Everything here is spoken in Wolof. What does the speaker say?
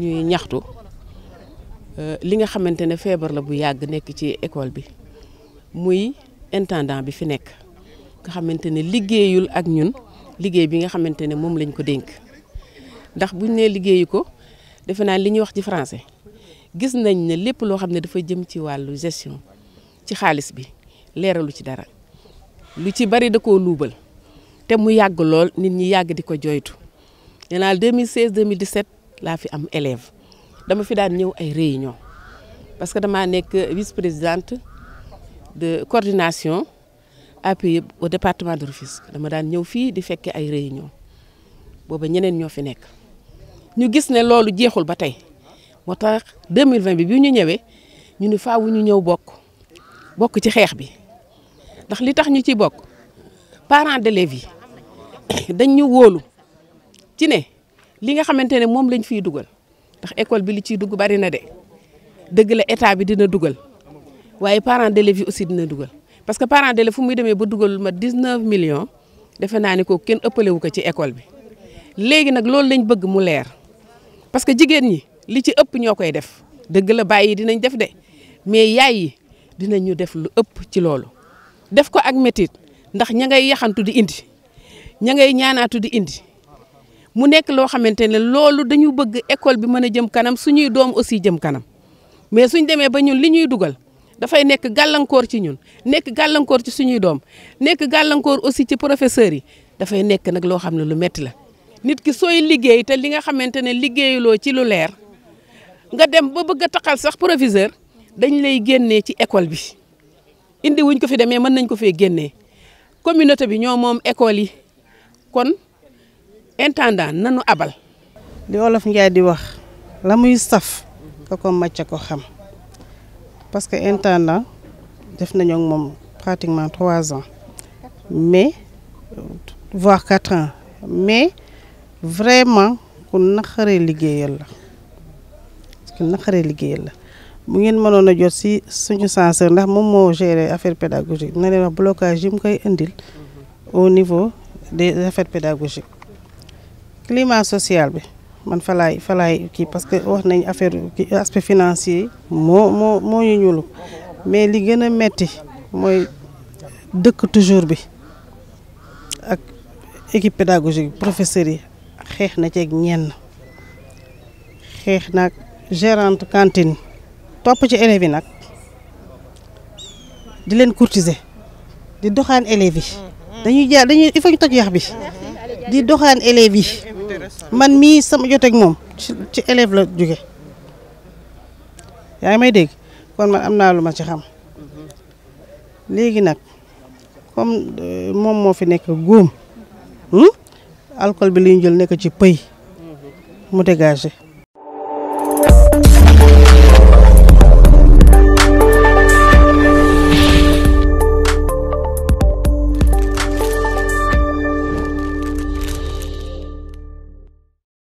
dañuy ñaxtu euh, li nga xamante ne feebar la bu yàgg nekk ci école bi muy intendant bi fi nekk nga xamante ne liggéeyul ak ñun liggéey bi nga xamante ne moom lañ ko dénk ndax buñ ne liggéeyu ko defe naa li ñuy wax ci français gis nañ ne lépp loo xam ne dafa jëm ci wàllu gestion ci xaalis bi leeralu ci dara lu ci bari da koo luubal te mu yàgg lool nit ñi yàgg di ko joytu nee naa 2016 2017 Je fi am élève dama fi daan ñëw ay réunion parce que je nekk vice-présidente de coordination au département de Rufisque dama daan ñëw fii di ay réunion booba ñeneen ñoo fi nekk ñu gis ne loolu jeexul ba tey moo 2020 bi bi ñu ñëwee ñu ni faaw ñu ñëw bokk bokk ci xeex bi ndax li tax ñu parents d'élèves dañ ñu li nga xamante ne moom lañ fiy dugal ndax école bi li ciy dugg bari na de dëgg la état bi dina dugal waaye parents d'élèves yi aussi dina dugal parce que parents d'élèves fu muy demee ba dugal ma 19 million defe naa ne kooku kenn ëppalewu ko ci école bi léegi nag loolu lañ bëgg mu leer parce que jigéen ñi li ci ëpp ñoo koy def dëgg la bàyyi dinañ def de mais yaay yi dinañu def lu ëpp ci loolu def ko ak métit ndax ña ngay yaxantu di indi ña ngay ñaanaatu di indi mu nekk loo xamante ne loolu dañu bëgg école bi mën a jëm kanam suñuy doom aussi jëm kanam mais suñ demee ba ñun li ñuy dugal dafay nekk gàllankoor ci ñun nekk gàllankoor ci suñuy doom nekk gàllankoor aussi ci professeurs yi dafay nekk nag loo xam ne lu metti la nit ki sooy liggéey te li nga xamante ne liggéeyuloo ci lu leer nga dem ba bëgg a taxal sax proviseur dañ lay génnee ci école bi indi wuñ ko fi demee mën nañ ko fee génnee communauté bi ñoo moom école yi kon intendant nanu abal di wax xam parce que intendant def nañu pratiquement trois ans mais voire quatre ans mais vraiment ku liggéeyal la que liggéeyal la mu ngeen a jot ndax na blocage au niveau des affaires pédagogiques climat social bi man fa lay fa lay kii parce que wax nañ affaire aspect financier moo moo moo ñu ñuulu mais li gën a metti mooy dëkk toujours bi ak équipe pédagogique professeurs yi xeex na ceeg ñenn xeex nag gérante cantine topp ci élèves yi nag di leen courtiser di doxaan élèves yi mm-hmm. dañuy jaar dañuy il faut ñu toj yax bi di doxaan élèves yi man mii sama joteeg moom ci ci élève la jóge yaa may dégg kon man am naa lu ma ci xam mm-hmm. léegi nag comme euh, moom moo fi nekk góom hmm? alcool bi li ñu jël nekk ci pëy mm-hmm. mu dégagé.